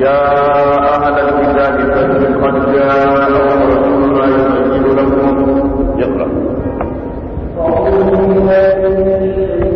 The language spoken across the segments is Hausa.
يا أهل الكتاب فاتقوا قد جاء رسولنا يبين لكم اقرأ أعوذ بالله من الشيطان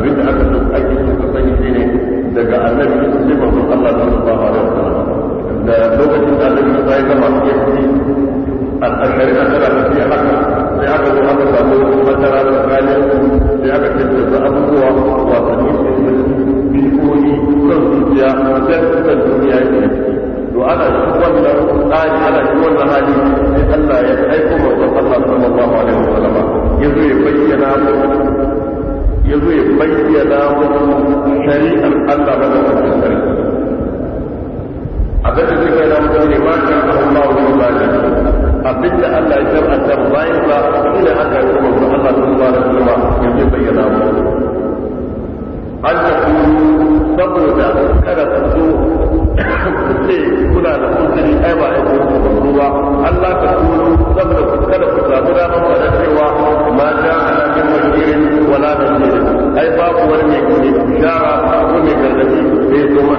abin da aka so ake so ka sani shi ne daga annabi ne sai manzon Allah sallallahu alaihi ba da lokacin da annabi ya sai gama ya fi al-ashari da tara da fiye haka sai aka zo aka samu matara da gane sai aka ce da abubuwa wasanni bikoni kan zuciya sai kan duniya ya to ana shi wannan tsari ana shi wannan hali sai Allah ya aiko manzon Allah sallallahu alaihi wasallam ya zo ya bayyana ya zo ya bayyana muku shari'ar Allah ba da wancan sarki abin da suka yana mutum ne ba ka Allah wani ba da abin da Allah ya shar'anta bayan ba inda aka yi kuma su Allah sun ba da kuma ya zo bayyana muku an ta saboda kada su zo ce kuna da kuzuri ai ba ai kuma ba Allah ka saboda kada ku samu damar ba da cewa ma ja ala min wala ai babu wani mai kudi shara ko mai bai zo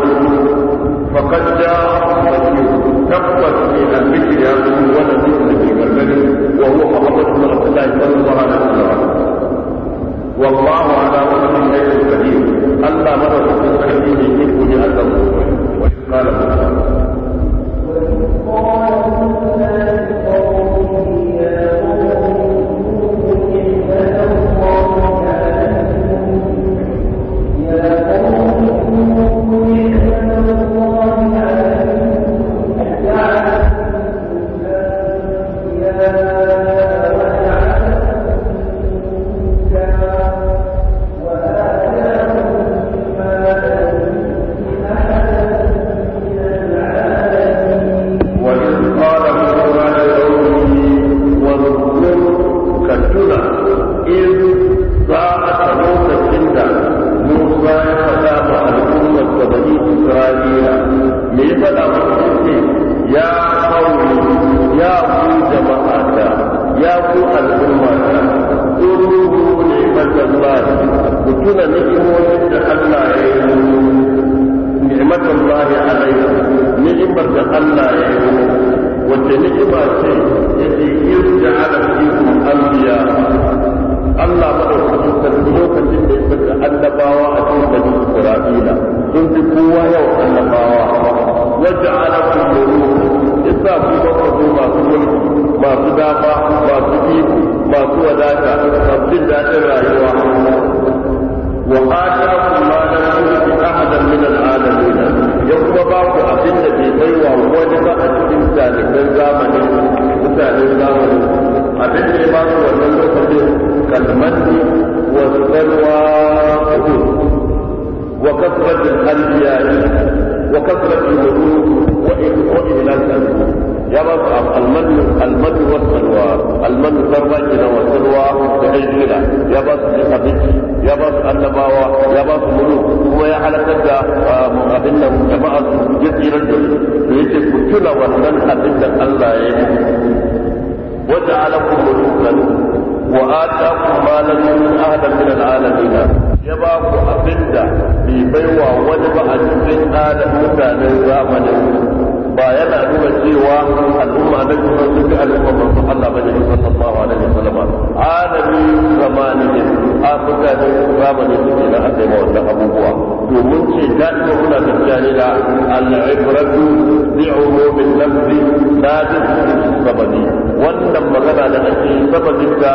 mutanen zamanin mutanen zamanin abin da ya ba su wannan lokacin kalmanni wa zubarwa kudu wa kasratin albiyayi wa kasratin mutu wa ihlal kalbi يبقى المن المن والسلوى المن فرمجنا والسلوى بحجنا يبقى لخبيث يبقى النباوة يبقى ملوك هو يا على كذا آه، أبنا جماعة جزء رجل كل ونن أبنا الله وجعلكم ملوكا وآتاكم ما لم يكن أهلا من العالمين يبقى أبنا بيبيوى ونبع جزء آدم متى من زمن ba yana nuna cewa al'umma na kuma sun fi al'umma manzo Allah ba ne sallallahu alaihi wasallam alami zamani ne a mutane zamani su ne na aka ma wannan abubuwa domin ce ta ita muna tafiya ne da al'ibratu bi umumin lafzi la bi sababi wannan magana da ake sababin ta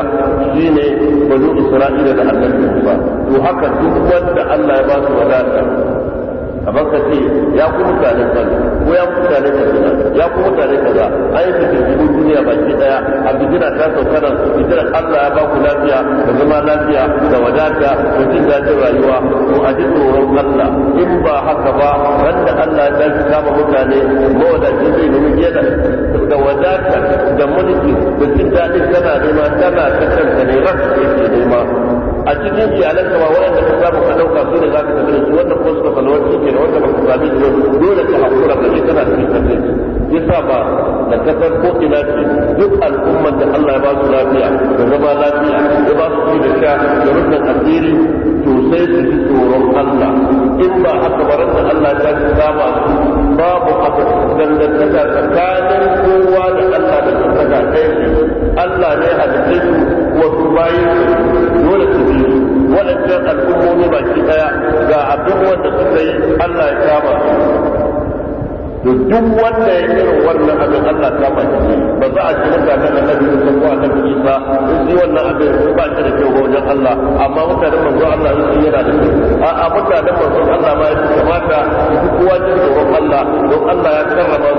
shine banu isra'ila da annabi ba to haka duk wanda Allah ya ba su wadata kamar ka ce ya ku mutane kan ko ya ku mutane kaza ya ku mutane kaza ai da jirgin duniya baki daya a bijira ta sauka nan bijira Allah ya ba ku lafiya da zama lafiya da wadata da jin daɗin rayuwa ko a ji tsoron Allah in ba haka ba wanda Allah ya dace kama mutane mawadaci zai nemi yana da wadata da mulki da jin daɗin kana nema tana ta kanka ne ran yake nema a cikin iyalanka ba waɗanda ka samu ka ɗauka su ne za tafi da su wanda kuma suka salwar su ke wanda ba ka sami su dole ka haƙura ka je kana cikin kallon ya ba da kasar ko ina ce duk al'ummar da Allah ya ba su lafiya da zama lafiya ya ba su ci da sha da rukun asiri to sai su ji tsoron Allah in ba haka ba da Allah ta ci kama su babu haka dangantaka tsakanin kowa da Allah da tsaka kai Allah ne halitta su wasu bayan waɗancan al'ummomi baki ɗaya ga abin wanda suka yi Allah ya kama su to duk wanda ya irin wannan abin Allah ta baki ba za a ci mutanen annabi da kuma annabi Isa in yi wannan abin ko ba shi da kyau ga wajen Allah amma mutanen manzo Allah su yana da kyau a a mutanen manzo Allah ma ya kamata su kowa ji tsoron Allah don Allah ya karrama su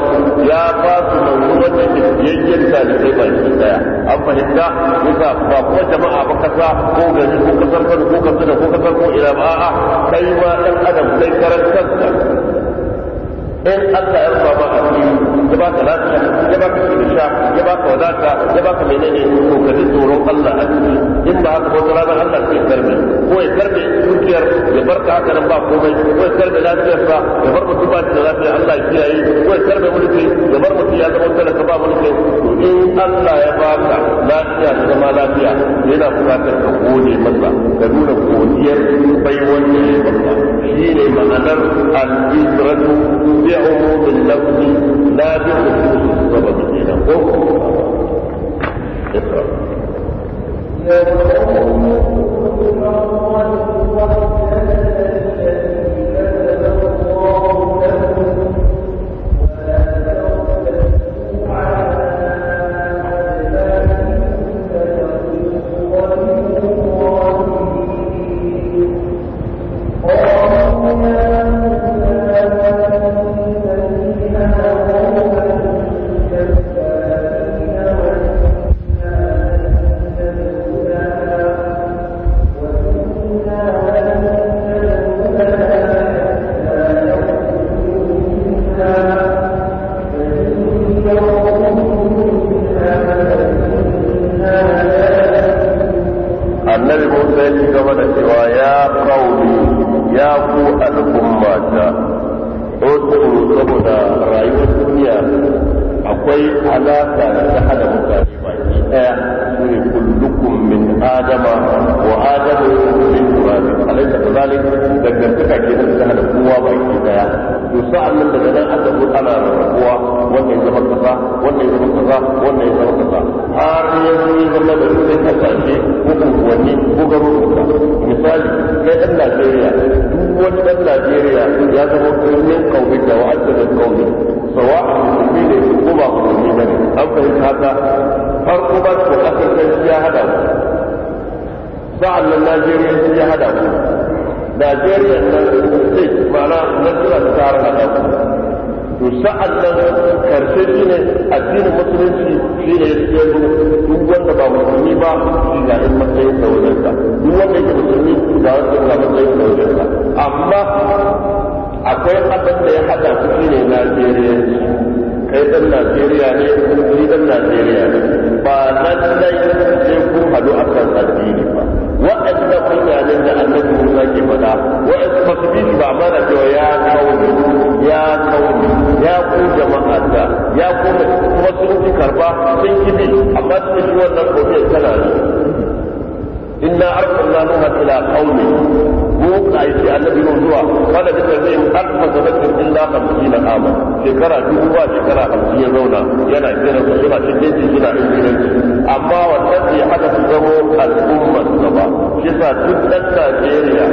ya ba su nauyi wanda ke yayyen talibai baki daya an fahimta yasa ba kuma jama'a ba kasa ko gari ko kasar ko kasar ko kasar ko ina ba a'a kai ma dan adam kai karan kanka إن أتى إرضى بغى ya baka lafiya ya baka kudusha ya baka wadata ya baka menene to ka ji tsoron Allah a ciki in ba haka wata ranar Allah sai karbe ko ya karbe dukiyar ya barka haka nan ba komai ko ya karbe lafiyar sa ya bar mutum ba da lafiya Allah ya kiyaye ko ya karbe mulki ya bar mutum ya zama talaka ba mulki to in Allah ya baka lafiya da zama lafiya yana bukatar ka gode masa ka nuna godiyar baiwan da ya baka shine ma'anar al-isratu bi umumin lafzi نابع السبب الدين اقرأ يا رب ya koma kuma sun ki karba sun ki bi amma suka ji wannan kofiyar tana ne inna arsalna nuha ila qaumi ko kai ce annabi mun zuwa kada da zai yi alfa sabatin illa shekara dubu ba shekara 50 ya zauna yana kira su suna cikin shi yana injiranci amma wannan bai hada su zama al'ummar sa ba shi sa duk dan Najeriya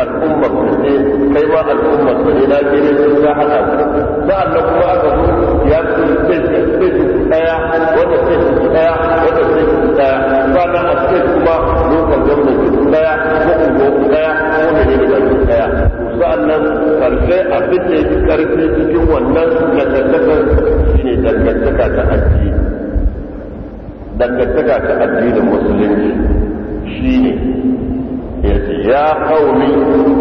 al'ummar su ne kai ma al'ummar su ne Najeriya sun ga hada su sa'an kuma aka zo ya fi stage stage daya wanda stage daya wanda stage daya sannan a stage kuma da gwamnati daya ko ungo daya ko ne ne da daya sannan karfe abin da yake karfe cikin wannan dangantaka shine dangantaka ta addini dangantaka ta addinin musulunci shi ne ya kauni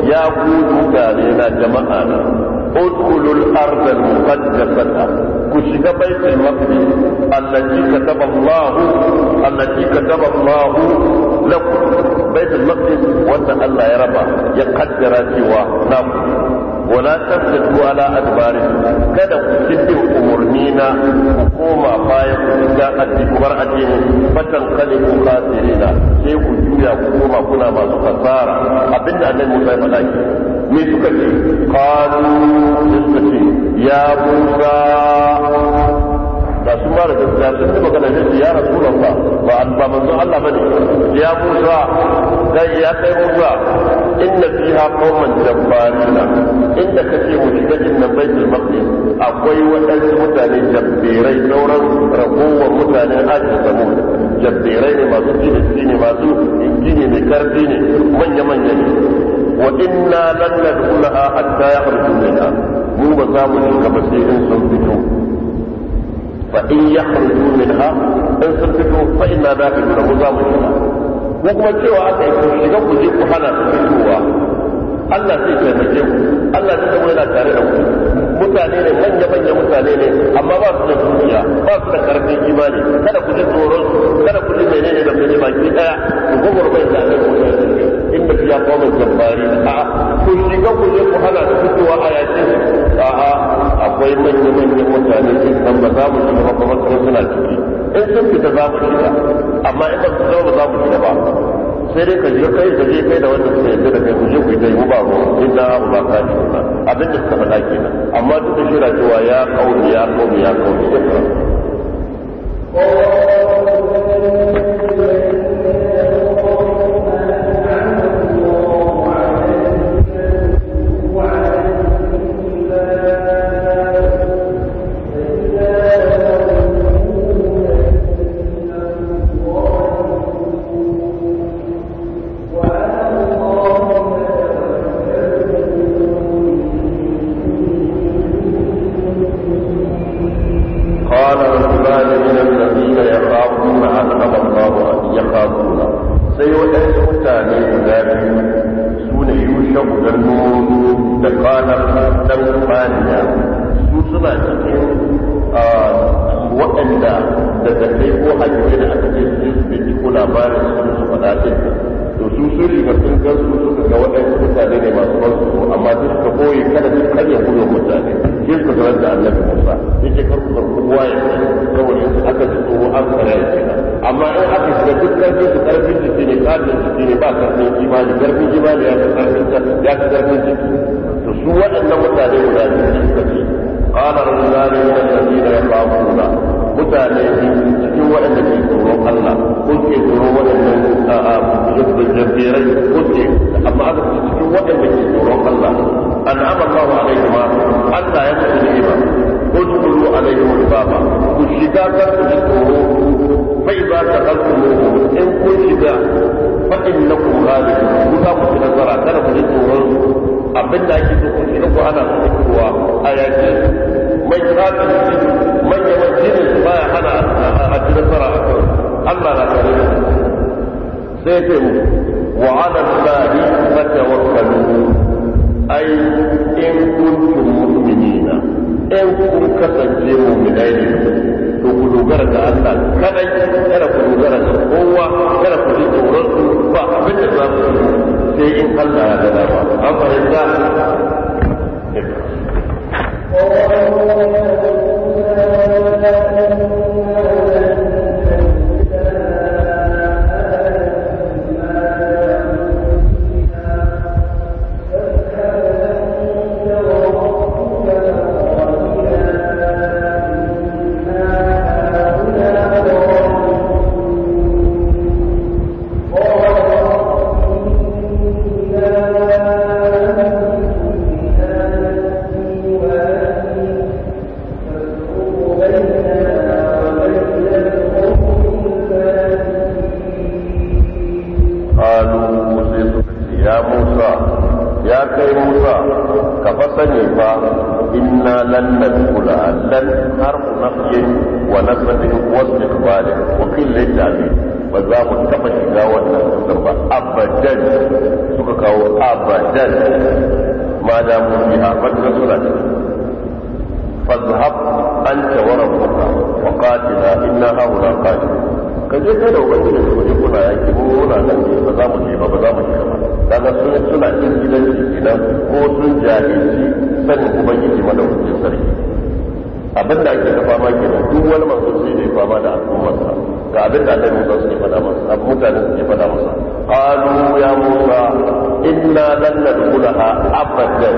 ya ku dukane na jama'a na ادخلوا الارض المقدسه كشك بيت المقدس التي كتب الله التي كتب الله لكم بيت المقدس وان الله يربى يقدر سوى نامه wala tasdu ala adbari kada ku kidde umurni na ku koma baya ku ga addini bar addini fatan kalibu khasirina sai ku juya ku koma kuna masu fasara abinda annabi Musa ya faɗa ki me suka ce qalu suka ce ya Musa ba su ba da gaskiya sun ci magana ne ya rasulullah ba ba manzo Allah bane ya Musa kai ya kai Musa inna fiha qauman jabbarina inda kace mu shiga jinnan baitul maqdis akwai wadansu mutane jabbirai sauran ragowar mutanen aji samu jabbirai ne masu gini ne masu gini ne karfi ne manya manya ne wa inna lan nadkhulaha hatta yakhruju minha mu ba za mu shiga ba sai sun fito فإن يخرجوا منها إن سكتوا فإنا داخلون مزام الشفاء وكما cewa aka yi kun shiga ku je ku hana su fitowa Allah zai taimake ku Allah zai zama yana tare da ku mutane ne manya manya mutane ne amma ba su da duniya ba su da karfin imani kada ku ji tsoron kada ku ji menene da menene baki daya ku gogor bai da ku inda ya kawo jabbari a ku shiga ku je ku hana su fitowa a yaki a akwai manya manyan mutane sun san ba za mu shiga ba kuma kuma suna ciki in sun fita za mu shiga amma in ba su zama ba za mu shiga ba sai dai ka je kai da zai kai da wanda suka yarda da kai ku je ku yi dai ba mu in da abu ba ka shiga abin da suka faɗa amma duk da shi cewa ya kauni ya kauni ya kauni ya oh. kauni faɗa to su su riga sun gansu suka ga waɗansu mutane ne masu ban amma duk koyi kada mutane zarar da annabi musa karku kowa ya ce yanzu aka tsoro an ya ce amma in aka shiga duk karfi su ne ne ba imani imani ya fi karfin ya fi karfin jiki to su waɗannan mutane guda biyu suka ce قال رجلان من الذين يخافون mutane cikin waɗanda ke tsoron Allah ko ke tsoron waɗanda a jabbirai ko ke amma aka ce cikin waɗanda ke tsoron Allah an ama Allah alaihi ma Allah ya tafi ne ba ko alai alaihi ba ba ku shiga kar ku ji tsoro bai ba ta kalkulu in ku shiga fa'in na ku galibi ku za ku ci nasara kada ku ji tsoron abin da ake so ku shiga ku ana so kowa a yaƙi mai kafin manya-manya nasara a kan Allah na tare da sai ce mu wa ala allahi fatawakkalu ai in kuntum mu'minina in kun kasance mu'minai to ku dogara ga Allah kadai kada ku dogara ga kowa kada ku ji tsoron su ba abin da za ku yi sai in Allah ya ga an fahimta Oh, har لن ندخل لن حرف نفي ونسبة واستقبال وقيل للتعبير ba za mu taɓa shiga wannan cutar ba abadan suka kawo abadan ma da mu fi arba'in suna ce fazhab anta wa rabbuka wa qatila inna haula qatil ka je kai da ubangiji da kuje kuna yaki ko muna nan ne ba za mu je ba ba za mu shiga ba kaga sun suna cin gidan kenan ko sun jahilci sanin ubangiji madaukakin sarki abin da ake kafa ma kenan duk wani masu sai ne fama da al'ummarsa ga abin da annabi Musa suke fada masa abu mutane suke fada masa qalu ya Musa inna lan nadkhulaha abadan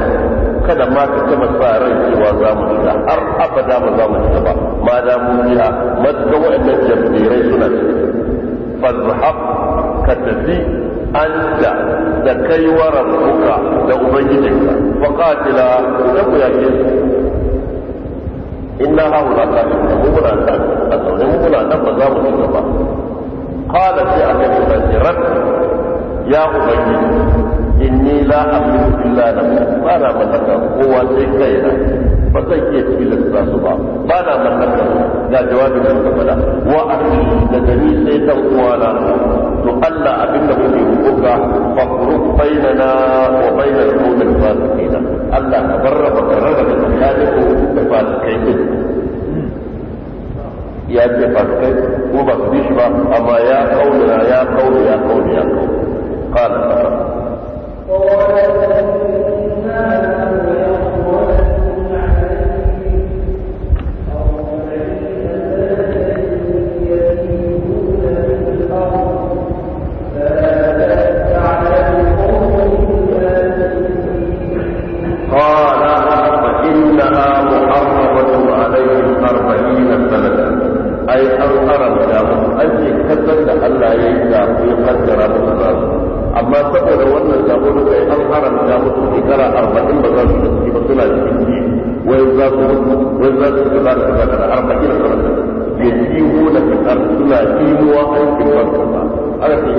kada ma ka taba sa rai cewa za mu shiga har abada ba za mu shiga ba ma da mu biya matka wa'annan jabbirai suna ciki fazhab ka tafi anta da kai wa rabbuka da ubangijinka فقاتلا لم يجد إنا هؤلاء قاتلون ممنا كان أتوني ممنا نبضا مجدبا قال في أكبر رب يا أبي إني لا أملك إلا نفسي ما من لك قوة كينا فزكيت إلى التاسبة ما من لك لا جواب المستقبل وأخي لدني سيدا قوانا تقلى أبنه في حقوقك فاخرج بيننا وبين القوم الفاسقين Allah ka barraba ka rarraba tsakanin ku da fasikai din ya ce fasikai ko ba su bi shi ba amma ya kaula ya kaula ya kaula ya kaula qala qala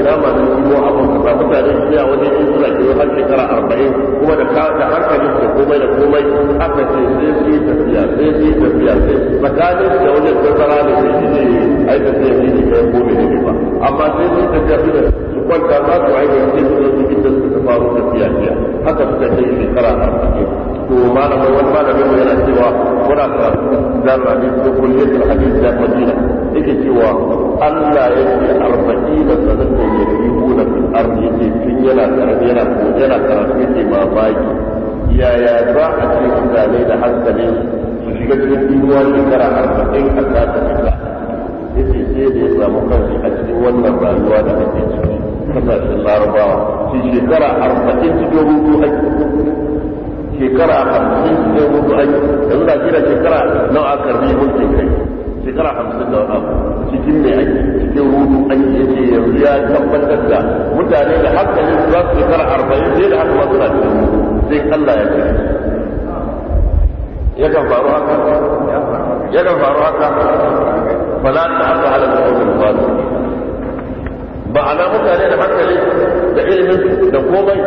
ina ma nan shi ruwan abin kasa a suna wajen yin suna kiro har shekara arba'in kuma da da hankalin da komai da komai aka ce sai su yi tafiya sai su yi tafiya sai tsakanin da wajen tazara da sai shi ne ai tafiya shi ne kai komai ne ba amma sai su yi tafiya su da su kwanta za su aiki sai su zo su yi da suka faru tafiya jiya haka suka ce shekara arba'in to malamin wani malamin yana cewa muna karatu da rabi ko kullum hadisi da madina yake cewa Allah ya ce arba'i da sadaka ya fi hula fil ardi yake tun yana karatu yana yana karatu yake mamaki yaya za a ce mutane da hankali su shiga cikin duniya shekara arba'in a kasa fita yake sai da ya samu kanshi a cikin wannan rayuwa da ake ciki kasashen larabawa shi shekara arba'in cikin hutu ake shekara arba'in cikin hutu ake yanzu da shekara nawa karbi mulkin kai shekara hamsin da abu cikin mai cikin rudu an yi ce yanzu ya tabbatar da mutane da hankalin su za su shekara arba'in sai da haka na cikin sai Allah ya faru haka faru haka ba su ba mutane da hankali da ilimin da komai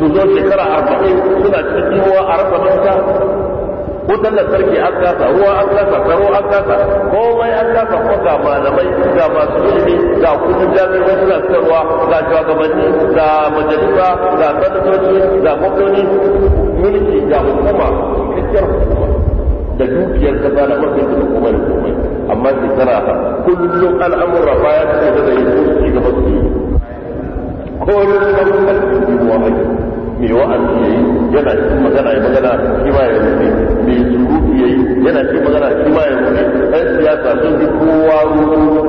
su zo shekara arba'in suna cikin a rasa manta wutar lantarki an kasa ruwa an kasa tsaro an kasa komai an kasa ko ga malamai ga masu ilimi ga kudin jami'ai suna sayarwa ga shugabanni ga majalisa ga sanatoci ga gwamnoni mulki ga hukuma cikakkiyar hukuma da dukiyar kasa na mafi da hukuma da komai amma shekara ta kullum al'amura baya su da da yi ci gaba su ko wani kuma kan yi wa mai wa'azi ya yi yana cikin magana ya magana shi ma ya rufe mai surutu ya yi yana cikin magana shi ma ya rufe ɗan siyasa sun fi kowa rufe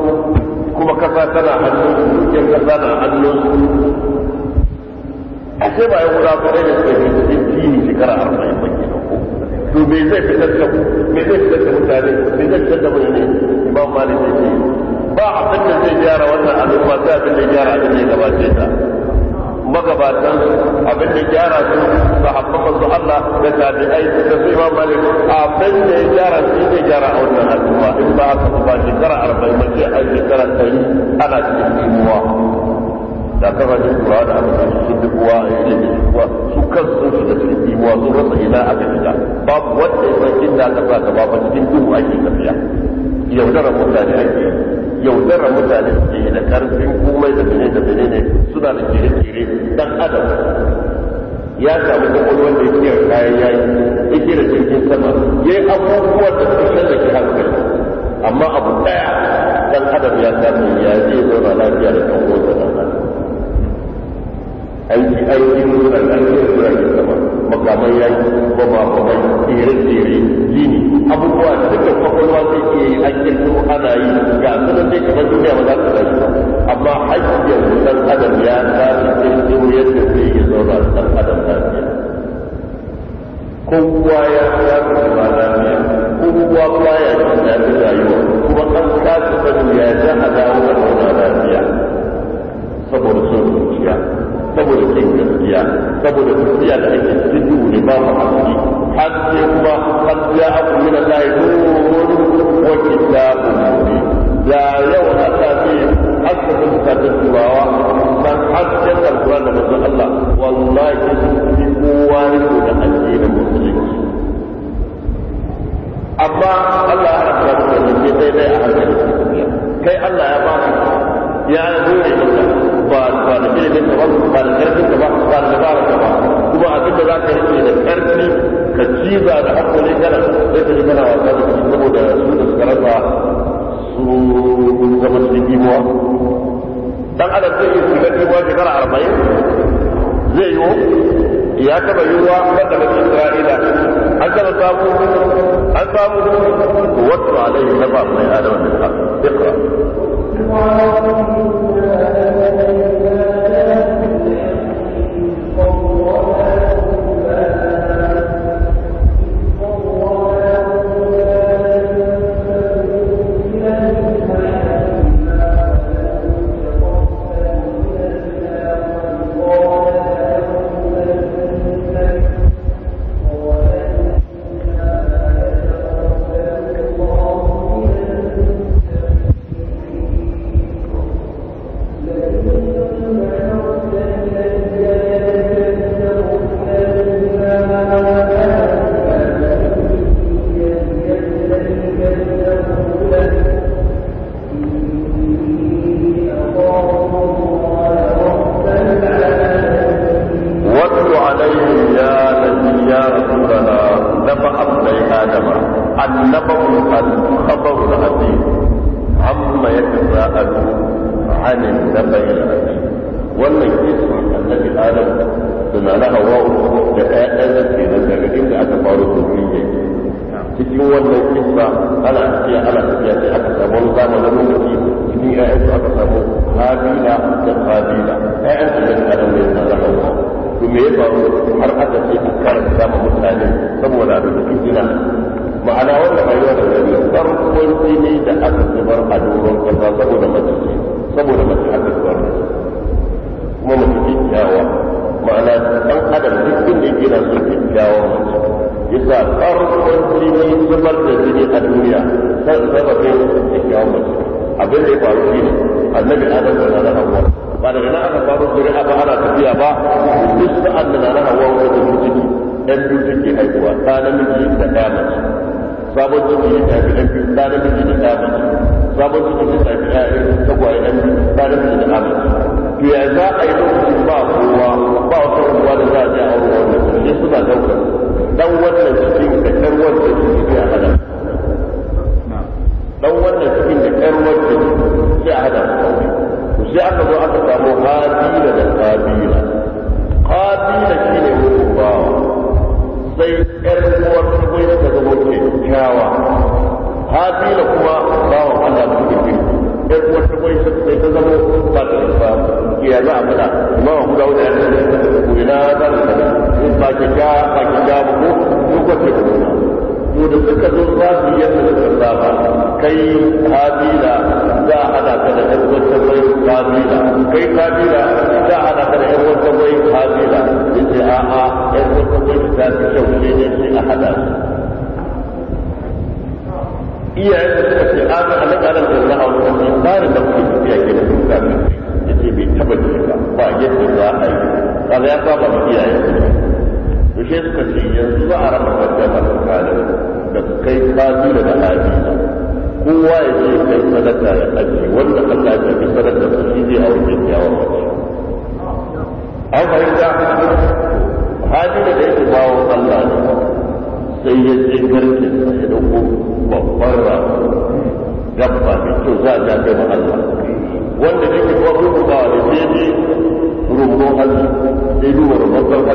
kuma kasa tana hannun su kasa na hannun su a ce ba ya guda ba ɗaya da suka fi cikin shekara arba'in ba ke to me zai fitar da me zai fitar da mutane me zai fitar da mutane imam malik ya ce ba abin da zai gyara wannan al'umma sai abin da gyara abin da ya gabace ta magabatan abin da gyara su sahabban manzo Allah da tabi'ai da su imam malik abin da ya gyara su ne gyara a wannan al'umma in ba haka ba shekara arba'in ba ce an shekara ɗari ana cikin kimuwa da kafa ne kura da abin da su duk wa ya ce da su kansu sun shiga cikin kimuwa sun rasa ina aka shiga babu wanda ya san inda aka sa ka ba cikin duhu ake tafiya yaudarar mutane ake yaudarar mutane suke da karfin komai da bane da bane ne suna da kire-kire ya samu kwakwalwar da ya kayan yayi yake da jirgin sama ya yi abubuwa da suka shallake hankali amma abu daya dan adam ya samu ya je zauna lafiya da kan wata dan adam aiki aiki nuna lafiya zuwa sama makamai yayi ba ba ba tsere tsere addini abubuwa da duka kwakwalwa zai ke yi an kirkiro ana yi ga sunan dai kamar duniya ba za ta tashi ba amma haƙƙin dan adam ya ta tashi kirkiro yadda zai yi zauna da dan adam ta lafiya kowa ya ya kuma lafiya kowa ba ya jin fi rayuwa kuma an ta fi sanin ya ja a dawo da fi lafiya saboda sun zuciya saboda kin gaskiya saboda gaskiya da ake cikin duhu ne ba mu hakuri har sai kuma har ya abu min Allah nurun wani kitabun mubin da yau na tafi da sun tafi turawa ban hajjar alquran da manzon Allah wallahi sun kowa ne da addinin musulunci amma Allah ya rabu da mutum sai dai a hankali kai Allah ya ba ya zo ne ba ba da ilimin ka ba ba da karfin ka ba ba da dabara ka ba kuma abin da za ka rike da karfi ka ciza da hakkali kana sai ka ji kana wasa da shi saboda su da suka rasa su zama cikin imuwa dan adam zai iya shiga imuwa shekara arba'in zai yiwu ya taba yiwuwa wanda ba cikin ra'ida هكذا صابوا أصابوا واتل عليه نبأ من آدم الحق اقرأ sabon ciki ya tafi ɗan biyu ɗan miji da ɗan miji sabon ciki ya tafi ɗan tagwaye ɗan biyu ɗan miji da ɗan miji to ya za a yi lokacin ba kowa ba wata ruwa da za a je a aure wannan sai suna ɗaukar ɗan wannan cikin da ɗan wannan cikin sai a hada ɗan wannan cikin da ɗan wannan cikin sai a hada to sai aka zo aka samu habila da kabila kabila shine mutum bawa sai ƴar uwar kuma ta zo kyakkyawa habila kuma bawan Allah da kirkin sai kuma ta bai sai ta zama ba ta ba ya za a fada imam Abu Dawud ya ta ko ina za ta fada in ba ki ga ba ki ga ba ko duk wata kuma to da suka zo za su yi yadda suka saba kai habila za a hada ka da yan wata bai habila kai habila za a hada ka da yan wata bai habila yace a'a yan wata bai ta fi kyau ne sai a hada su iyayen da suka ce an a nan anan da na hau kan ba da kuke tafiya ke da sun sami ya ce bai taba ji ba ba yadda za a yi ba ya saba ma iyayen to shi suka ce yanzu za a raba kanta da tsakanin da kai kazi da da hadi kowa ya ce kai sadaka ya aji wanda Allah ya ce sadaka su shi zai aure a mace an fahimta hadi da yake bawo Allah ne sai ya ce garkin sa ya dauko babban dabba da kyau za a ja kai ma Allah wanda ne ke kuma kuma ba da ke ne rumbun hannu sai duba rumbun hannu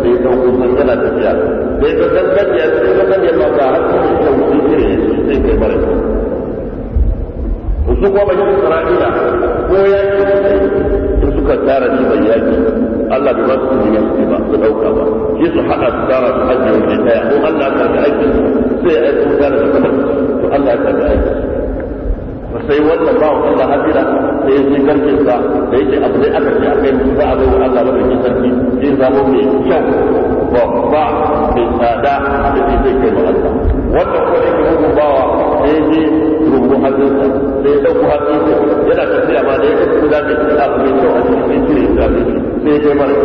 sai ɗan kusan yana tafiya sai ka kankan ya sai ka kankan ya ba ka hannu da kyau sai kire shi sai kai mara kyau su kuma bakin Isra'ila ko ya ce su suka tara shi bai yaki Allah bai ba su ne ba su ɗauka ba shi su haɗa su tara su hajji wajen ɗaya ko Allah ka ga aikin su zai aika wuta da sama to Allah ya karbi aiki sai wannan bawan Allah hafira sai ya karfin sa da yake abu dai aka ce akai za a bai wa Allah madaukin sarki zai zamo mai kyau babba mai tsada da zai zai kai wa Allah wannan kuma yake hukun bawa sai ya ji rubu hannunsa sai ya ɗauko hannunsa yana tafiya ma da yake kuma zaɓe shi abu mai kyau a cikin sai cire ya zaɓe sai ya kai mara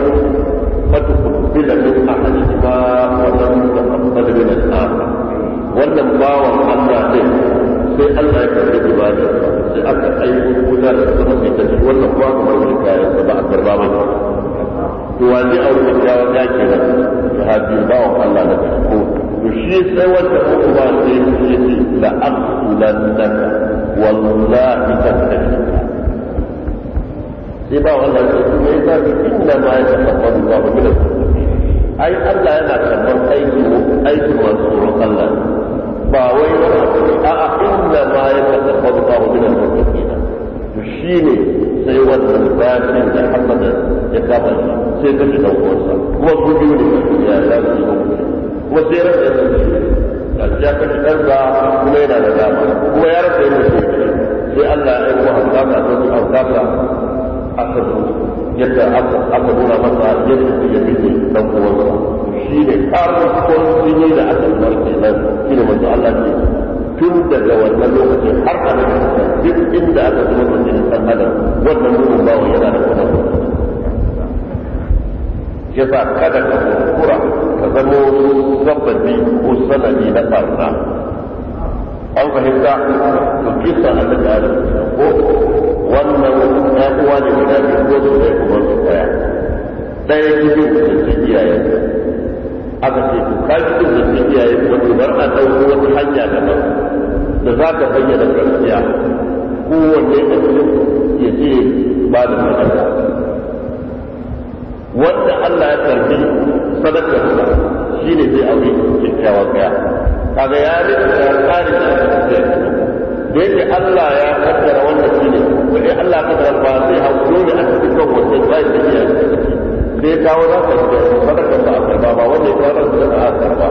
fatukun bila min ahadihima wa lam yataqabbal min al-akhar wannan bawan Allah din sai Allah ya karbi ibadar sai aka aiko kuda da sama mai tafi wannan bawan wani kayan sa ba a karba ba to wani a wurin ya ke nan sahabi bawan Allah da ko to shi sai wanda uku ba sai ya ce la aqtulannaka wallahi tattaka sai ba wannan sai kuma yasa bi inna ma ya tabbar Allah bi ai Allah yana karbar aiki aiki masu tsoron Allah ba wai a inda ma ya kasar ba ba mu dinar mutakina to shi ne sai wannan bayanin da hamada ya kama shi sai ta shi daukowarsa kuma su biyu ne ya ya su kuma sai ran da zai shi ya kashe ɗansa kuma yana da dama kuma ya rasa yana shi sai Allah ya yi wa hankaka don su hankaka aka zo yadda aka nuna masa yadda ya bi ne shine shi ne sun yi da aka barke kenan shine wanda Allah ce tun daga wannan lokacin har a nan duk inda aka zama da jini san adam wannan gurin bawa yana da kuma ya sa kada ka kura ka zama sababi ko sanadi na barna an fahimta to kisa a daga da ko wannan ya kuwa ne guda biyu ko su zai kuma su daya ɗaya cikin su ce iyayen aka ce to ka ji da ya iyaye wato bar a dauko wata hanya daban da za ka bayyana gaskiya kowanne a cikin ya ce ba da sadaka wanda Allah ya karbi sadakarsa shi ne zai aure kyakkyawa kaya kaga ya rika ya tsari da kyakkyawa da yake Allah ya kaddara wannan shi ne sai Allah ya kaddara ba zai hau dole a cikin kan wannan zai da iya sai kawo za ka sadaka karba ba wanda ya fara da a karba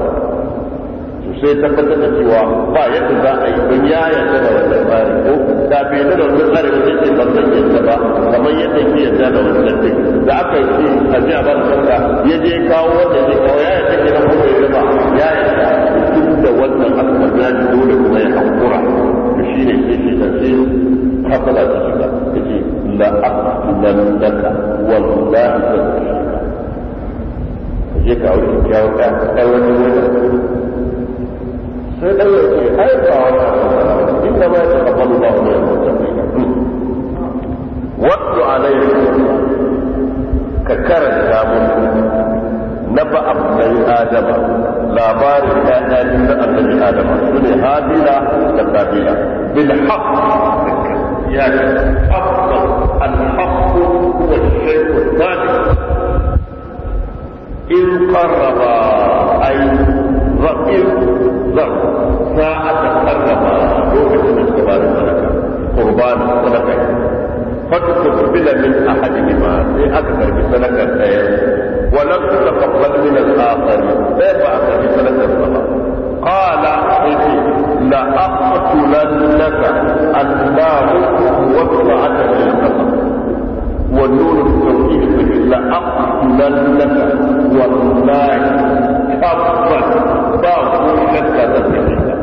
to sai tabbatar da cewa ba yadda za a yi don ya yarda da wannan tsari ko da bai da wani tsari ba sai ban san yadda ba kamar yadda ke yarda da wani din da aka yi a jiya ba da ya je kawo wanda ya kawo ya yarda ke nan kuma ya yarda ya yarda duk da wannan aka magana dole kuma ya hankura da shi ne sai shi da hakala da shi ba ta shiga kace la aqtu lan daka yi je ka aure kyakkyawar ɗa ɗa wani wani sai ɗan yake ai ba wani inda ma ta kafa ba wani ya mutane wasu alaikum ka karanta musu na ba abdai adama labarin ɗaya na annabi adama su ne habila da kabila bil haqq ya haqq al haqq huwa al shay'u al إذ قربا أي ضئب ضرب ساعة قربا روح الكبار الملكة قربان الصدقة بلا من أحدهما لأكثر بسلكة الآية ولم تتقبل من الآخر لا بعث بسلكة الصلاة قال لأقتلنك اللام وضعت للقصر ونور التوحيد لأقتلنك والله حقا باطل لك ذلك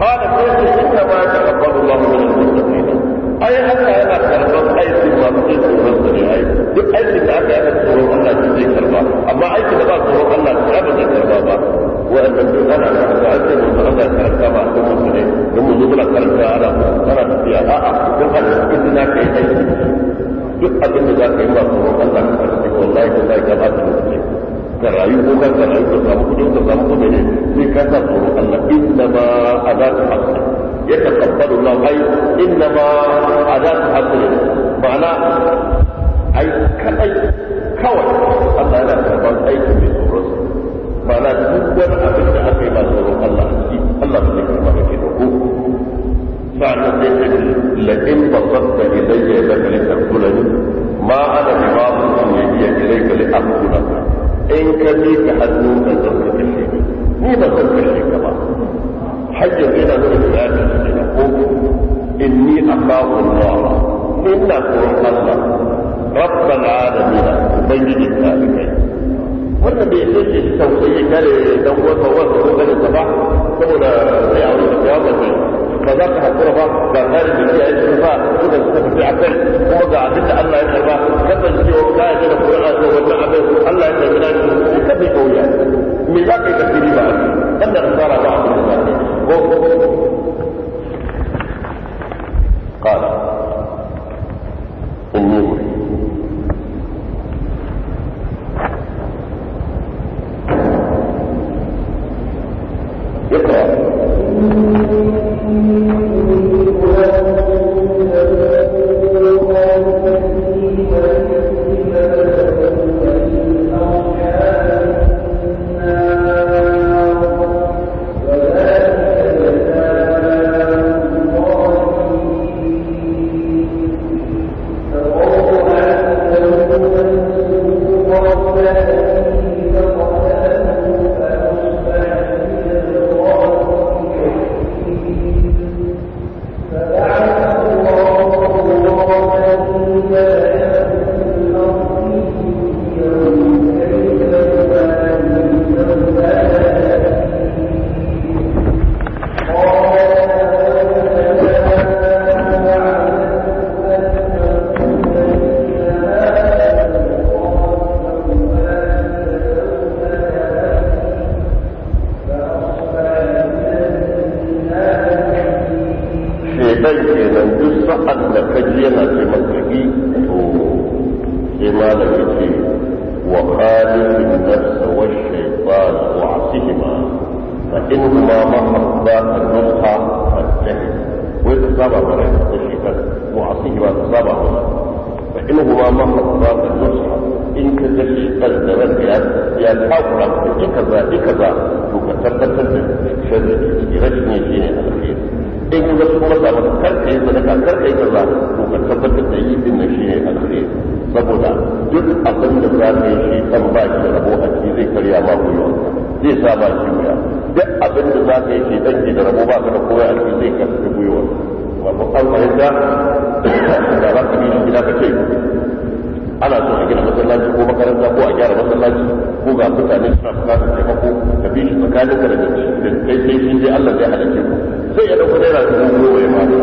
قال كيف انما يتقبل الله من المتقين اي حتى انا كربت اي في المنطقه والمنطقه اي duk aikin da aka yi tsoron Allah shi zai karba amma aikin da ba tsoron Allah shi ba zai karba ba wa'annan duk ana karanta an ce mun Allah ya karanta ba ko mun ne don mun zo muna karanta ana karanta tafiya a'a duk Allah cikin dina kai aiki duk abin da za ka yi ba tsoron Allah ka karɓi ko wallahi ko sai ka ba ta lokaci ka rayu ko ka rayu ka samu kudin ka samu kudin ne sai ka sa tsoron Allah inna ma azaka haqqi yatakabbalu Allah ai inna ma azaka haqqi ma'ana ai kadai kawai Allah yana karɓar aikin mai tsoron ma'ana duk wani abin da aka yi ba tsoron Allah a Allah ba karɓa ka ke بعد ذلك لئن بصدت إلي لك لتأكلني ما أنا بباب أن يجي إليك لأكلك إن كذيك حدوك زوجة الشيء مين بصدت الشيء كما حج من الإسلام لنقول إني أخاف الله إن أكون الله رب العالمين بين الكافرين والنبي يجي يستوصيك لدوته وزوجه لصباح ثم صداقها الغرباء فقال من هي الغرفة إذا استفر في عقل ووضع ضد لا يتربى كما يسير لا يجد قرآن والتعبير الله يتربى كم يقوي من ذاك يكفي لما أن الغرباء بعض المسلمين cewa mahaifar da nusa in ka ga shi ɗanɗarar da ya takura ka kaza ji kaza to ka tabbatar da shirya da ciki rashin yin shi ne alheri in ka ga su kuma samu karka yi kaza to ka tabbatar da yi din shi ne da za ka yi shi kan ba shi rabo a ciki zai karya ma gwiwa zai sa ba shi wuya duk abin da za ka yi shi ɗan da rabo ba ka da kowa a zai da yi gida ka ana son a gina masallaci ko makaranta ko a gyara masallaci ko ga mutane suna bukatar taimako ka bi shi tsakanin ka da kai sai shi je Allah zai halake ku sai ya dauko naira dubu goma ya bada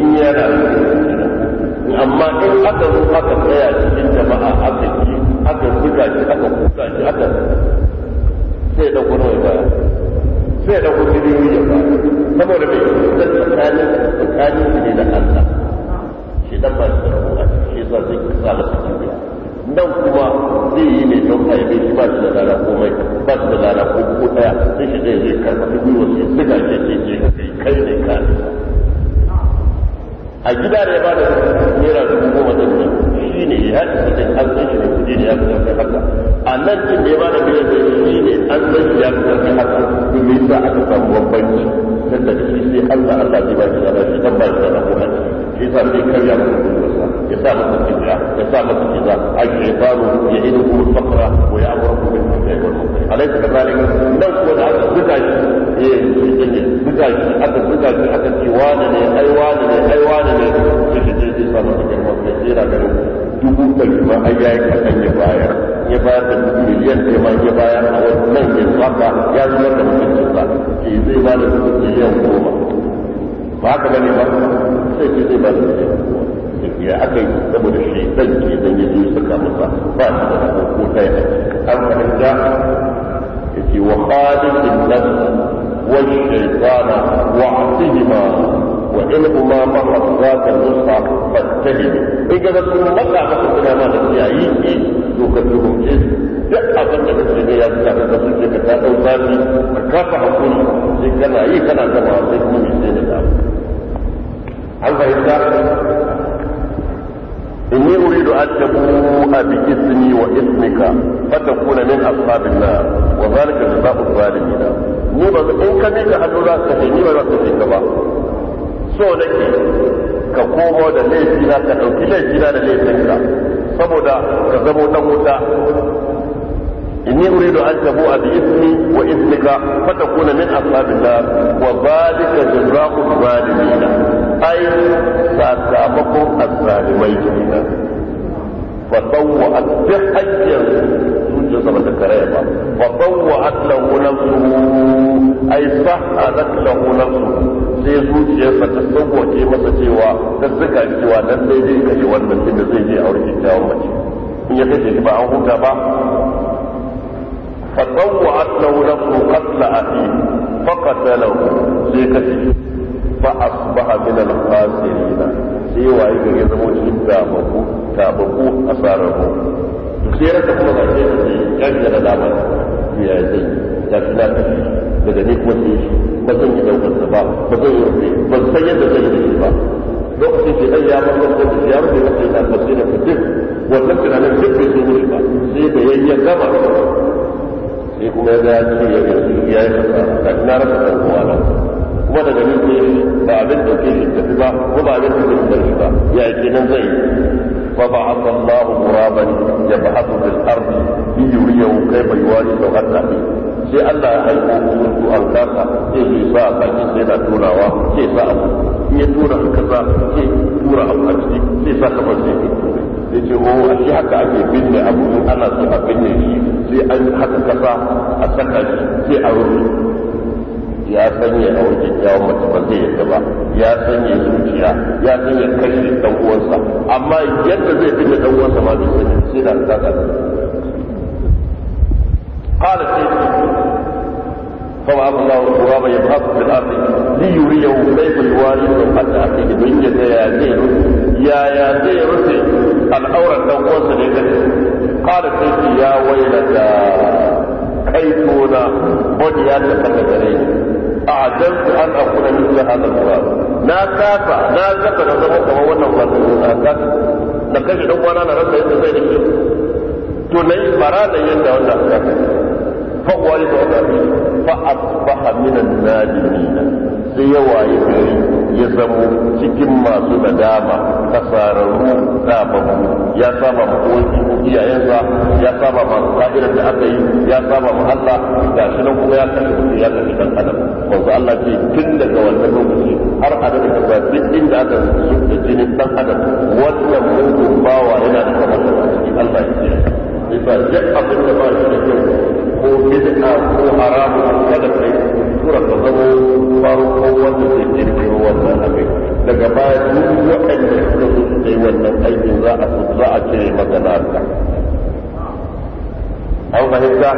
in yana amma in aka zo aka tsaya cikin jama'a aka ki aka buga shi aka kuka shi aka sai ya dauko da ya sai ya dauko miliyoyi ya bada saboda mai tsakanin tsakanin tsakanin ne da Allah shi dan ba shi shi sa sai ka sa masa kimiyya nan kuma zai yi ne don a yabe shi ba shi da lada komai ba shi da lada ko ko daya sai shi zai zai karɓa ta gwiwa sai duka ke ce ce kai kai ne ka a gida da ya ba da naira dubu goma da ne shi ne ya haɗa kudin an zai shi ne kudi ne ya fi zafi haka a nan cin da ya ba da miliyan da shi ne an zai shi ya fi zafi haka domin sa aka samu bambanci tun da shi sai Allah Allah zai ba shi zafi shi dan ba shi zafi ko haka shi sa sai karya mutum ya sa masa kibra ya sa masa kiza al-shaytanu ko ya faqra wa ya'murukum bil-fahsha'i wal munkar alaysa kadhalika dan ko da aka buga shi eh buga shi aka buga shi aka ce wani ne ai wani ne ai wani ne shi ne zai sa masa kibra sai jira garin dubu ɗari ma ai yayi kaɗan ya bayar ya bayar da dubu miliyan ɗaya ma ya bayar a wannan yanzu haka ya zuwa da mutuncinsa ke eh, zai ba da dubu miliyan goma ba haka bane ba sai ce zai ba da miliyan ya aka yi saboda shi dan ke dan ya yi suka masa ba shi da ko ko kai an ya ce wa khalidin nafs wa shaytana wa atihima wa in huma ma hasrata nusa fattahi in ga su maka maka suna ma da yayi yi to ka tuhumce duk abin da kake ga ya tsaka ka suke ka ta dauka ni ka kafa hakuri sai kana yi kana gama sai kuma sai da an fahimta إني أريد أن تبوء باسمي واسمك فتكون من أصحاب الله وذلك جزاء الظالمين ni إن in ka mika hannu za ka ni ba za ka ce ka ba so nake ka komo da laifina ka ɗauki إني أريد أن تبوء بإثمي وإسمك فتكون من أصحاب الله وذلك جزاء الظالمين ai sakamakon azzalimai kenan fa a duk hajjiyar zuciya sama da karaya ba fa a lahu nafsuhu ai sa a sahhadat lahu nafsuhu sai zuciyarsa ta sauwake masa cewa ta zuka cewa dan dai zai kashe wannan da zai je a wurin kyakkyawan mace in ya kashe ba an huta ba fa a فطوعت a fi قتل اخيه فقتله سيكتب fa asbaha min al khasirin sai waye gari ya zama cikin tabaku tabaku asararu sai raka kuma ga sai ya ji da dama ya yi ya fi na daga ne kuma sai shi ba zan yi daukar sa ba ba zan yi ba san yadda zan yi da shi ba lokacin shi dan ya bar da shi ya rufe masa yana tafsirin fitin wannan tunanin duk bai zo mishi ba sai da yayyan gaba sai kuma ya ga ya ce ya yi kasa na rasa ɗan uwa na kuma daga nan sai shi ba abin da ke shi tafi ba ko ba abin da ke shi tafi ba ya ke nan zai fa ba aka Allah muraban ya ba haka fil ardi bi yuriyahu kayfa yuwari sawat nabi sai Allah ya ko mutu alkasa sai shi sa bakin sai da turawa sai sa abu in ya tura alkasa sai tura abu a ciki sai sa kafar sai ke tura ya ce o oh, a shi haka ake binne abu in ana so a binne shi sai an haka kasa a saka shi sai a rufe ya sanya ya wajen kyawun mace ba zai yadda ba ya sanya zuciya ya sanya kashe dan uwansa amma yadda zai fi da dan uwansa ma bai shi sai da ta ta qala فما الله ya يبحث في الارض ليريه كيف يواري حتى اكيد من يا زير يا يا زير الاورا دوقوس قال سيدي bodiya ta كيفنا gare ni ah den du an amuna min ya an amuna na tafa na zaka na zama kamar wannan na mbata na gasi da kai bi da kuma na da rafet bi da kai da bi da ko donayi mara فأولد أبي sai من النادمين سيوا يبري يزمو cikin masu nadama kasararru sababu ya saba ma iyayensa ya saba ma ka'irar da aka yi ya saba ma Allah ga shi nan kuma ya kashe mutum ya kashe kan adam wanzu Allah ce tun daga wannan lokaci har adam da ba duk inda aka zuba jinin dan adam wannan mutum bawa yana da kamar da cikin Allah ya ce bisa duk abin da ba shi da kyau ko bid'a ko haramu kada sai sura ta zama farko wanda zai kirkiro wannan abin daga baya duk waɗanda suka zo su yi wannan aikin za a za a ce magana ta Allah an fahimta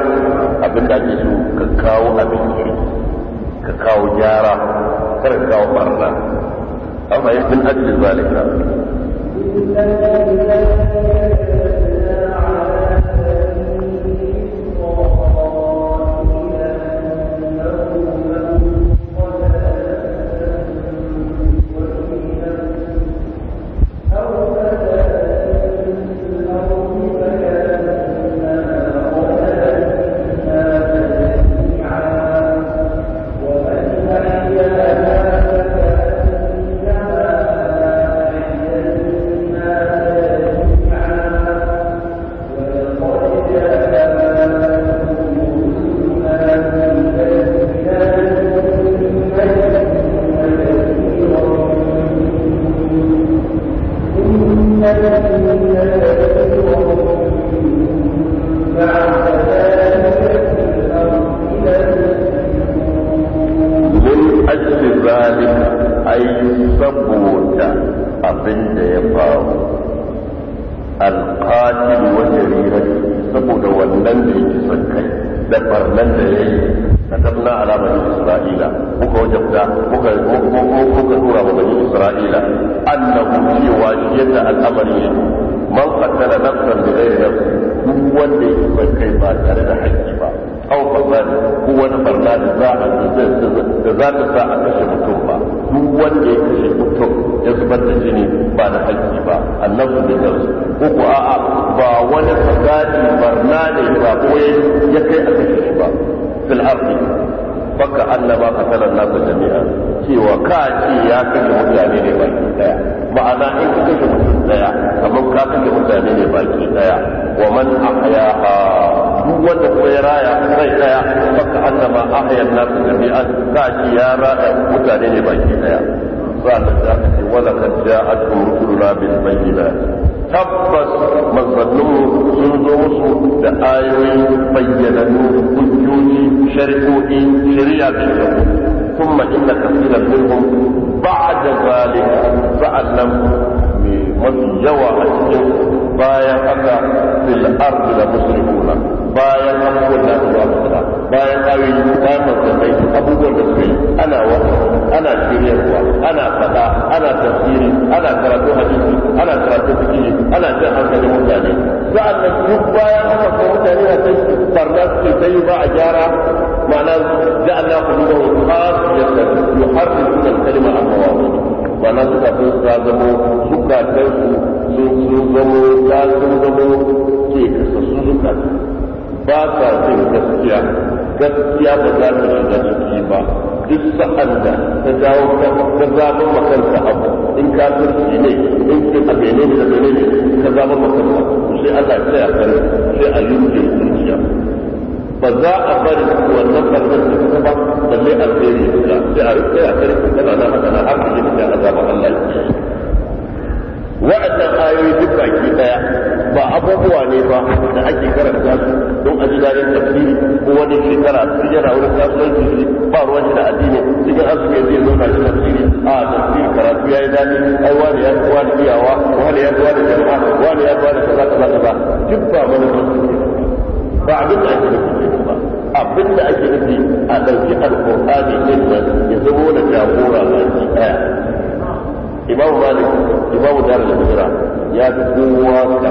abin da ake so ka kawo abin kirki ka kawo gyara kar ka kawo barna an fahimta min zalika cewa yadda al'amari ya man qaddara nafsan bi ghairi nafs duk wanda ya kai kai ba tare da haƙƙi ba aw fasad ko wani barna da za a da za ta sa a kashe mutum ba duk wanda ya kashe mutum ya zubar da jini ba da haƙƙi ba annabi da nafs ko ko a'a ba wani fasadi barna ne ba ko ya kai a kashe shi ba fil ardi baka annaba qatala an-nasa jami'a cewa ka ce ya kashe mutane ne baki daya ma'ana in ka kashe mutum daya kamar ka kashe mutane ne baki daya wa man ahyaha duk wanda kuma ya raya rai daya baka annama ahyan nasu jami'an ka ji ya raya mutane ne baki daya sa'an da aka ce wala kad ja'atkum rusuluna bil bayyinat tabbas manzanninmu sun zo musu da ayoyin bayyananu الجود شركوا ان شريعتك ثم إن كثيرا منهم بعد ذلك فعلم من يوى bayan haka fil ardi la musrifuna bayan abubuwan da aka ba su da bayan ayoyi da mazabai abubuwan da suka yi ana wata ana shiryarwa ana fada ana tafsiri ana karatu hadisi ana karatu fikiri ana jan hankalin mutane sa'an nan duk bayan haka ko mutane na sai barna su sai ba a gyara ma'ana ja'alna qulubahum qasiyatan yuharrifuna al-kalima an mawadihi bana suka sun sa zamo zukatan su sun zamo ta sun zamo ke kasa su zukan ba sa jin gaskiya gaskiya ba za ta shiga ciki ba duk sa'an da ta jawo ka zama makanka abu in ka turki ne in kin abe ne da bene ne ka zama makanka sai Allah ya tsaya kare sai a yi zuciya ba za a bari wannan barnar da kuma ba balle alheri ya fita sai a rufe a kare ko kana nan haka na har da yake da azaba Allah ya ce wa'annan ayoyi duk baki daya ba abubuwa ne ba da ake karanta su don a ji daɗin tafsiri ko wani shekara sun yana wurin kasuwanci shi ba ruwan shi da addini cikin azumi zai zo na tafsiri a tafsiri karatu ya yi daɗi ai wani ya kuwa da iyawa wani ya kuwa da jama'a wani ya kuwa da kaza kaza kaza duk ba manufar su ba abin da ake nufi ba abin da ake nufi a ɗauki alƙur'ani ɗin nan ya zama da jagora a ciki ɗaya imamu malik imamu darul hijra ya fi kowa da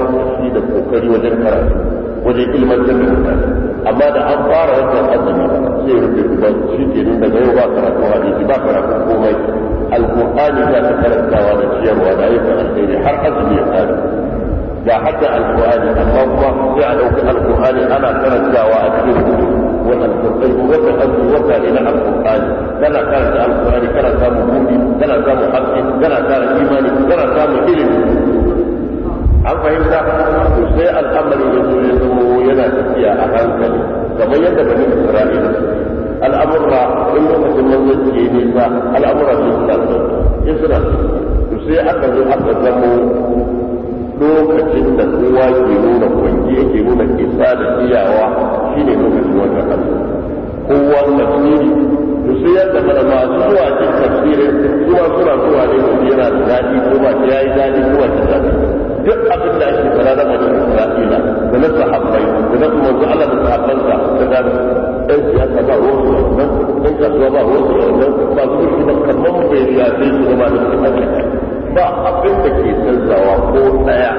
kokari wajen karatu wajen ilmantar da mutane amma da an fara wannan azumi sai rufe kuma shi ke nan daga yau ba karatu hadisi ba karatu komai alƙur'ani za ta karantawa da ciyarwa da ayyukan har azumi ya kare ga hadda alkur'ani amma kuma sai a ɗauki alkur'ani ana karantawa a cikin wannan wata wata ne na kana karanta kana samun buɗi kana samun kana imani kana samun ilimi an fahimta to sai al'amarin ya zo ya yana tafiya a hankali kamar yadda bani isra'ila in lokacin sun suna sai aka zo aka zamo lokacin da kowa ke nuna kwangi yake nuna isa da iyawa shi ne nuna shi wata kasu kowa na tsiri to sai yadda mana masu zuwa cin tafsirin zuwa suna zuwa ne mu yana da daɗi ko ba ta yayi daɗi ko ba ta duk abin da ake fara da mutum Isra'ila da na sahabbai da na kuma zuwa Allah da sahabbansa da gano ɗan siyasa ba ruwansu da wannan ɗan kasuwa ba ruwansu da wannan ba su shi ba kamar bai riya sai su zama da su ake ba abin da ke canzawa ko daya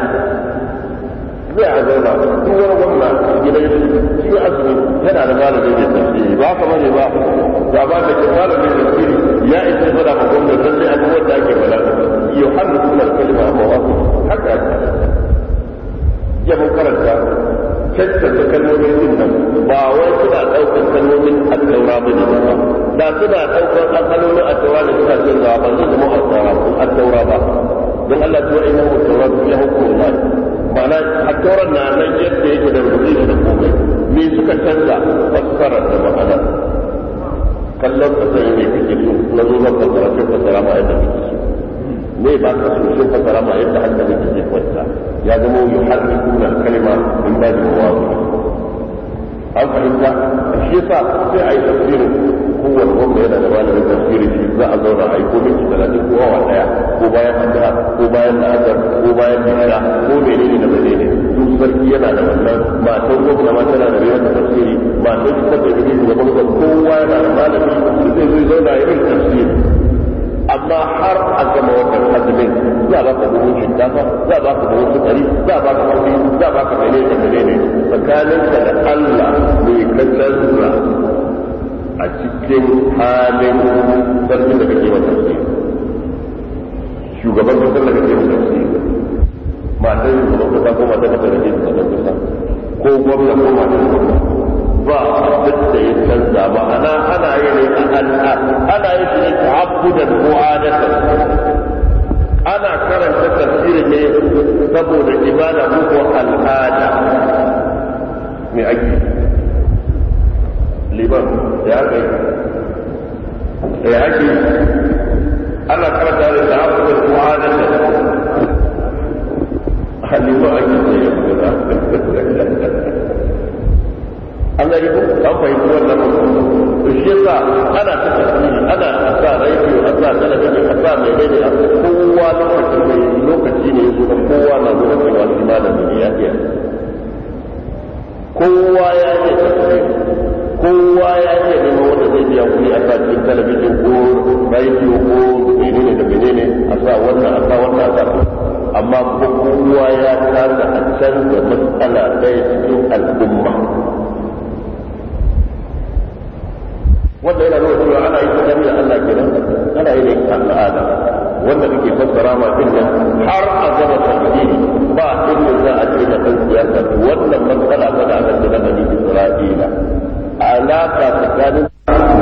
zai a zauna duk wani gwamna gina ya shi azumi yana da malamin da tafsiri ba ka bane ba da ba da ke malamin tafsiri ya isa fada ma gwamna dan dai abubuwan da ake fada yohannu kuma kalma ma wa haka ya mun karanta cancanta kalmomin nan ba wai suna ɗauka kalmomin al-taura bane ba da suna daukar al-kalmomin al-taura da suka ce ga ba zai zama al-taura ko al-taura ba don Allah ta wa'ina al-taura bi hukumin Allah ma'ana al-taura na nan yadda yake da rubuce da komai me suka canza fassarar da ma'ana kallon ka sai ne kake so na zo zan fassara sai fassara ma yadda kake so ne ba ka so sai fassara ma yadda kake kwanta ya zama yuharrifuna kalma in ba da an fahimta shi yasa sai a yi tafsirin kowane wanda yana da malamin tafsirin shi za a zauna a yi ko minti talatin ko awa daya ko bayan hajjara ko bayan la'azar ko bayan nishira ko menene da menene duk sarki yana da wannan matan gwamna ma tana da rayuwar tafsiri matan shi ta bai da kowa yana da malami da zai zauna ya yi tafsiri amma har a gama wannan azumin za ba ka buhun shinkafa za ba ka buhun sukari za ba ka kuɗi za ba ka mene da mene ne tsakaninka da Allah mai kallon zura a cikin halin sarkin da kake wa tafsiri shugaban kasar da kake wa tafsiri matan shugaban kasa ko matan kasar da kake wa tafsiri ko gwamna ko matan shugaban ba abin da ya canza ba ana ana yin al'a ana yin ne ta'abbudan mu'adatan ana karanta tafsiri ne saboda ibada ko al'ada mai ake liban ya kai ya ake ana karanta da ta'abbudan mu'adatan liban ake ne ya an gani ko an fahimci wannan to shi yasa ana ta tasiri ana sa rediyo a sa talabijin a sa mai daidai a kowa lokaci mai lokaci ne zuwa kowa na zuwa cewa shi malami ne ya iya kowa ya iya tasiri kowa ya iya neman wanda zai biya kuɗi a sa cikin talabijin ko rediyo ko menene da menene a sa wannan a sa wannan a sa amma kowa ya kasa a canza matsala ɗaya cikin al'umma wanda yana nuna cewa ana yi tsakani da Allah kenan ana yi da al'ada wanda kake fassara ma din nan har a gaba tauhidi ba inda za a ce da gaskiya ka wannan matsala ta da aka da bani Isra'ila alaka tsakanin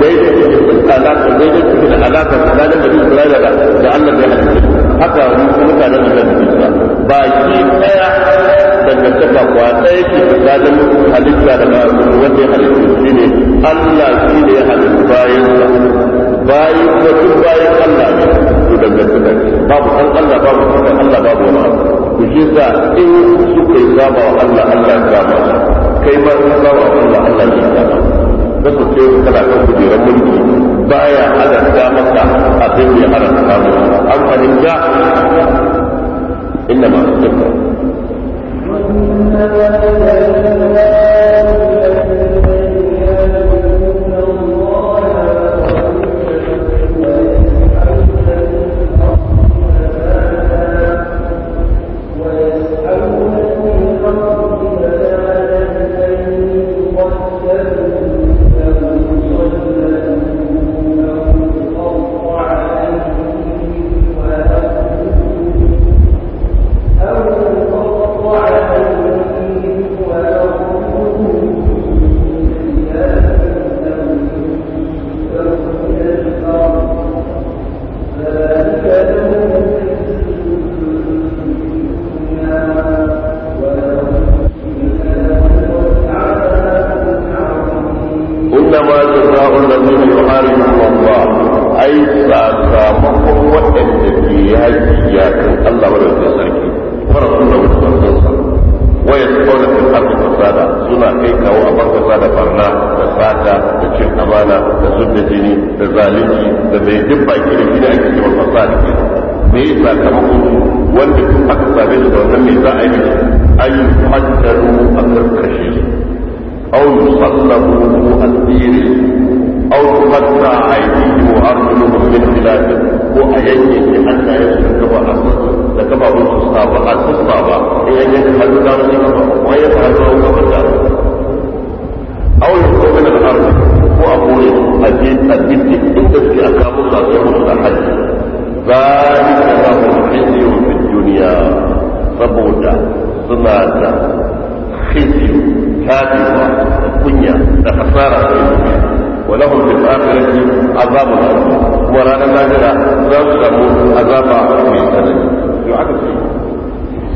daidai da alaka daidai da alaka tsakanin bani Isra'ila da Allah ya halitta haka mutanen da ba shi daya dangantaka kwa ɗaya ke tsakanin halitta da ma'aikata wanda ya halitta shi ne Allah shi ne ya halitta bayan sa bayan sa duk bayan Allah ne to dangantaka babu san Allah babu san Allah babu wani abu ku shi sa in suka yi saba wa Allah Allah ya saba kai ma in saba wa Allah Allah ya saba kasa ce kana kan kujerar mulki baya halatta maka abin ya halatta maka an fahimta inna ma tafiwa da kunya da kasara da yi ولهم في الآخرة عذاب عظيم ورانا الآخرة ذات عذاب عظيم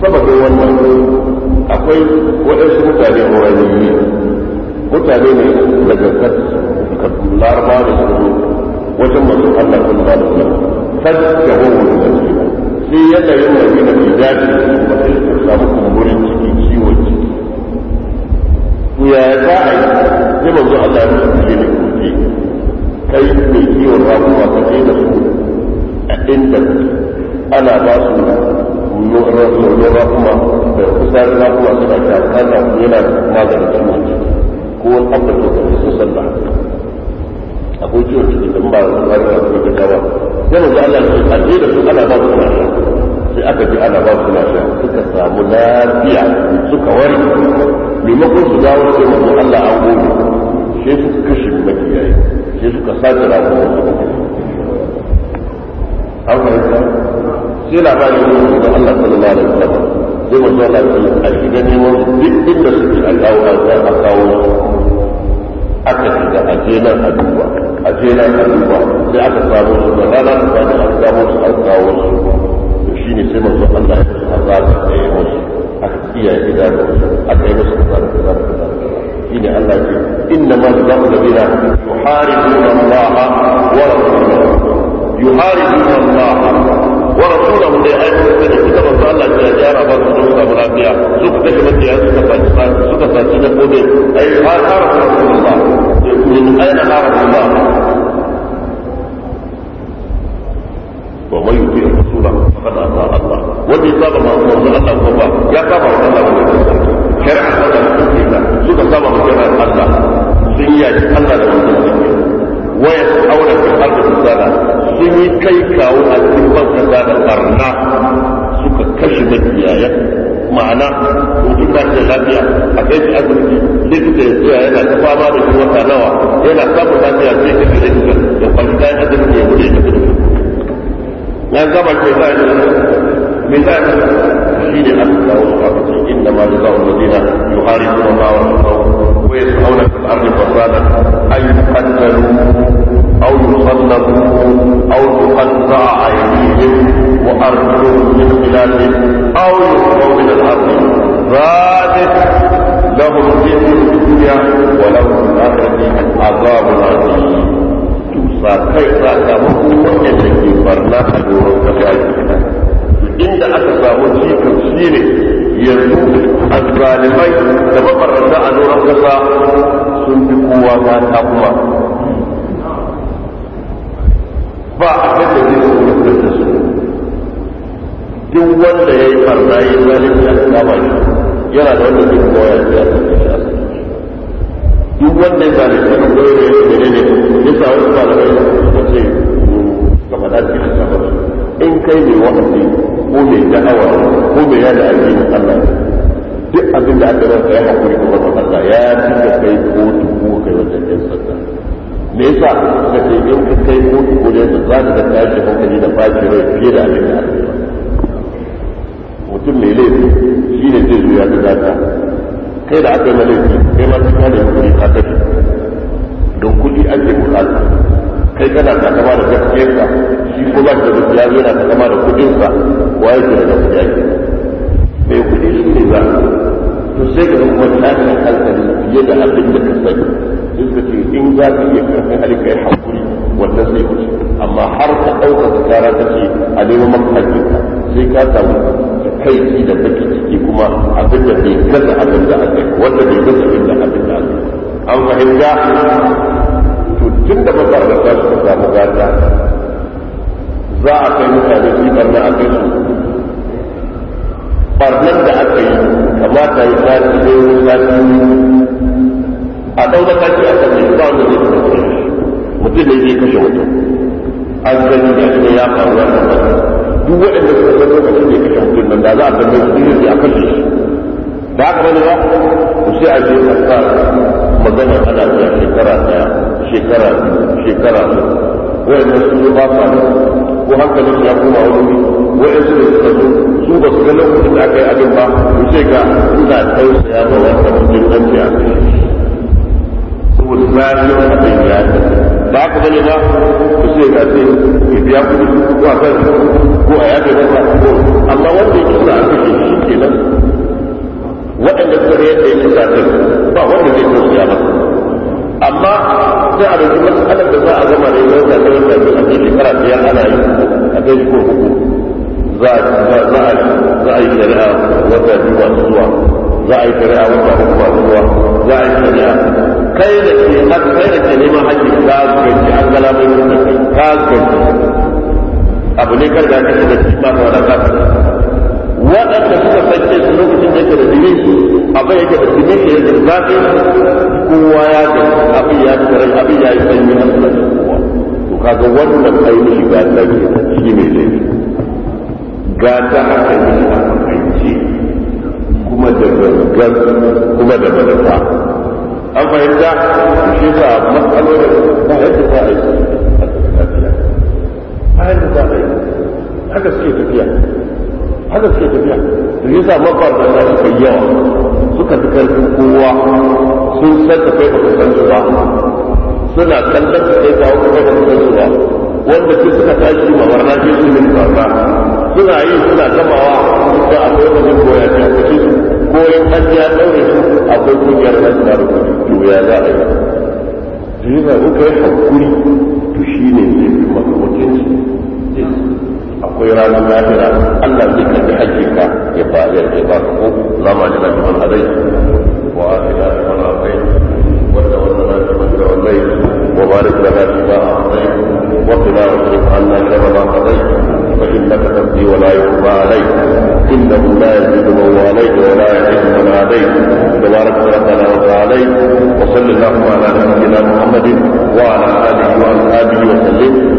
saboda wannan akwai waɗansu mutane horanni mutane ne daga kaddu laraba da su wajen masu Allah sun ba da su sadda da wani da su sai yanayin madina mai daji da su ya za a yi sai manzo Allah ya ce ne ku kai mai kiwon ramuwa ka je da su a inda ana ba su ba kuma da da rakuma suna ta kana yana maganin ciwon ciki ko wani abu da kuma sun akwai ciwon cikin ba a kuma da kuma da kuma da kuma da kuma da sai aka ji ana ba su lafiya suka samu lafiya suka wari maimakon su dawo sai manzo Allah an gobe shi su kashe makiyayi sai suka sace rayuwar su an fahimta sai labarin yin su da Allah sallallahu alaihi wasallam sai manzo Allah ya a shiga neman duk inda suke a kawo a kawo aka shiga a je nan a duba a je nan a duba sai aka samu su da rana ta bada su an kawo su shi ne sai manzo Allah ya ce har za ka tsaye musu aka kiyaye idanu aka yi musu kaza da kaza da kaza shi ne Allah ce inna ma jazaa'u alladhina yuharibuna Allah wa rasulahu yuharibuna Allah wa rasulahu da ai ko da manzo Allah ya jara ba su da lafiya suka kashe mutiya suka faci suka faci da gobe ai har har Allah ai na har Allah saba masu manzo Allah ko ba ya saba wa Allah ko shari'a ta da suke da suka saba wa shari'ar Allah sun yi yaki Allah da manzo suke waya aure fil ardi fasada sun yi kai kawo a cikin banka da barna suka kashe makiyaye ma'ana mutum ba da lafiya a kai shi asibiti likita ya tsaya yana ta ma da shi wata nawa yana samun lafiya sai ka fi likita da kwanci kayan asibiti ya gudu ya tafi ya gaba ke bayan من آدم حين أبدا وصحابته إنما جزاء الذين يحاربون الله ورسوله ويسعون في الأرض فسادا أن يقتلوا أو يصلبوا أو تقطع أيديهم وأرجلهم من خلالهم أو يخرجوا من الأرض ذلك لهم خزي في الدنيا ولهم في الآخرة عذاب عظيم to كَيْفَ kai sa ka mutu wanda ke inda aka samu jikin shi ne yanzu azzalimai da mabarata a doron kasa sun fi kowa ta takuma ba a kan da zai kuma da su duk wanda ya yi farna ya yi a kama shi yana da wanda zai kowa ya zai a duk wanda ya zalunci a kama ya yi ne ne ya sa wasu malamai suka ce ka faɗa cikin sabon in kai ne wa'azi ko mai da'awa ko mai yada addinin Allah duk abin da aka rasa ya hakuri da wannan Allah ya tuka kai ko ko kai wajen ɗan sanda me yasa ka ce yau ka kai ko ko da za ka ga tashi hankali da baki rai fiye da abin da aka yi mutum mai laifi shi ne zai zo ya ga zaka kai da aka yi laifi kai ma ka kare hakuri ka kashe don kuɗi ake buƙata kai kana ta kama da gaskiyarka shi ko ba da gaskiya yana ta kama da kudinsa wa yake da gaskiya ke mai kudi shi ne ba to sai ka zama wani na hankali fiye da abin da ka sani in ka ce in za ka iya karfin halin kai wannan sai wuce amma har ka ɗauka ka kara ta ce a neman maka sai ka samu kai da ciki kuma abin da bai gaza abin da aka wanda bai gaza abin da an fahimta duk da mafarkata suka samu gata za a kai mutane su yi barna a kai su barnan da aka yi kamata ya sati ne wani sati a ɗau ce a kan ba wani zai kuma kai mutum ne zai kashe mutum an gani da shi ya faru a kan duk waɗanda suka san lokacin da ya kashe mutum nan da za a tambaye su ne a kashe shi ba haka bane ba ku sai a je a sa magana ana zuwa shekara ɗaya shekara shekara wayannan su ba sa nan ko hankalin ya koma wani wayan su da suka su ba su ga lokacin da aka yi abin ba su ce ga suna tausaya ba wani kamar jin ɗan ya saboda zafin abin ya ba ka bane ba ku ce ga sai ya biya kuɗi ko a kan ko a yafe masa ko amma wanda ya kisa a kashe shi kenan waɗanda suka rayar da ya kisa ba wanda zai tausaya masa amma sai a rubuta matsalar da za a zama da yau da kai da a cikin shekara biyar ana yi a kai ko uku za a yi shari'a wata biyu masu zuwa za a yi shari'a wata uku masu zuwa za a yi shari'a kai da ke kai da ke neman haƙƙi ka gaji an da ka gaji abu ne kar da ka shiga cikin ba ka wada ka waɗanda suka sace su lokacin yake da jini abin yake da jini ke da zafi kowa ya ga abin ya tarai abin ya yi sanyi a da kowa to kaga wannan kai mishi ga da shi ne laifi ga ta haka yi a makance kuma da gangan kuma da manufa an fahimta shi ba matsalolin ba yadda ba a yi a cikin lafiya ba yadda a yi haka suke tafiya haka suke tafiya da yasa mafarkata suka yi yawa suka fi karfin kowa sun san ta kai baka san su ba suna kallon da kai kawo kuma da san su ba wanda su suka tashi ma warna ke su min kaza suna yi suna gamawa da akwai wajen goya ta kashi ko in an ya daure su akwai kungiyar da ta da kudi ya za a yi da yasa kuka yi hankuri to ne zai fi maka mutunci akwai ranar lahira Allah zai kalli ya ba ya ke ba ka za mu ajira liman hadai wa ajira liman hadai wanda wanda na ji wa wa fa wa wa